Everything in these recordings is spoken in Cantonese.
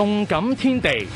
動感天地，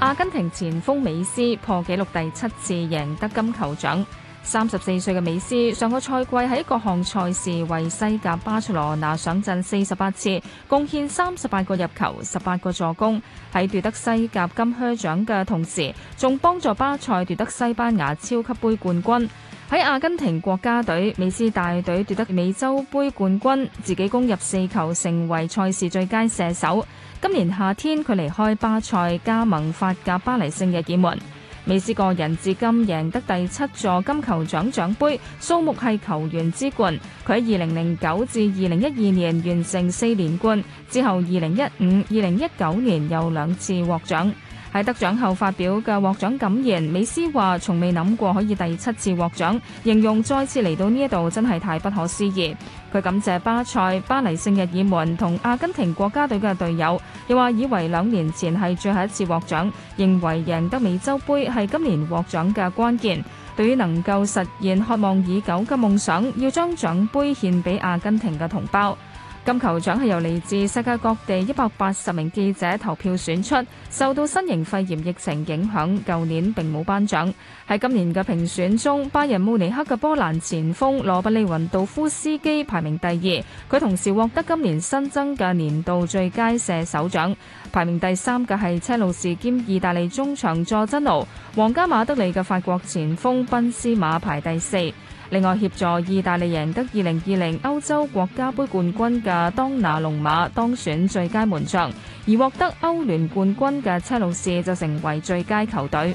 阿根廷前鋒美斯破紀錄第七次贏得金球獎。三十四歲嘅美斯上個賽季喺各項賽事為西甲巴塞羅那上陣四十八次，貢獻三十八個入球，十八個助攻，喺奪得西甲金靴獎嘅同時，仲幫助巴塞奪得西班牙超級杯冠軍。喺阿根廷國家隊，美斯帶隊奪得美洲杯冠軍，自己攻入四球，成為賽事最佳射手。今年夏天，佢離開巴塞加盟法甲巴黎聖日耳門。美斯個人至今贏得第七座金球獎獎杯，數目係球員之冠。佢喺二零零九至二零一二年完成四連冠，之後二零一五、二零一九年又兩次獲獎。喺得獎後發表嘅獲獎感言，美斯話從未諗過可以第七次獲獎，形容再次嚟到呢一度真係太不可思議。佢感謝巴塞、巴黎聖日耳門同阿根廷國家隊嘅隊友，又話以為兩年前係最後一次獲獎，認為贏得美洲杯係今年獲獎嘅關鍵。對於能夠實現渴望已久嘅夢想，要將獎杯獻俾阿根廷嘅同胞。金球獎係由嚟自世界各地一百八十名記者投票選出，受到新型肺炎疫情影響，舊年並冇頒獎。喺今年嘅評選中，拜仁慕尼黑嘅波蘭前鋒羅拔利雲度夫斯基排名第二，佢同時獲得今年新增嘅年度最佳射手獎。排名第三嘅係車路士兼意大利中場佐真奴，皇家馬德里嘅法國前鋒賓斯馬排第四。另外，協助意大利贏得二零二零歐洲國家杯冠軍嘅當拿龍馬當選最佳門將，而獲得歐聯冠軍嘅車路士就成為最佳球隊。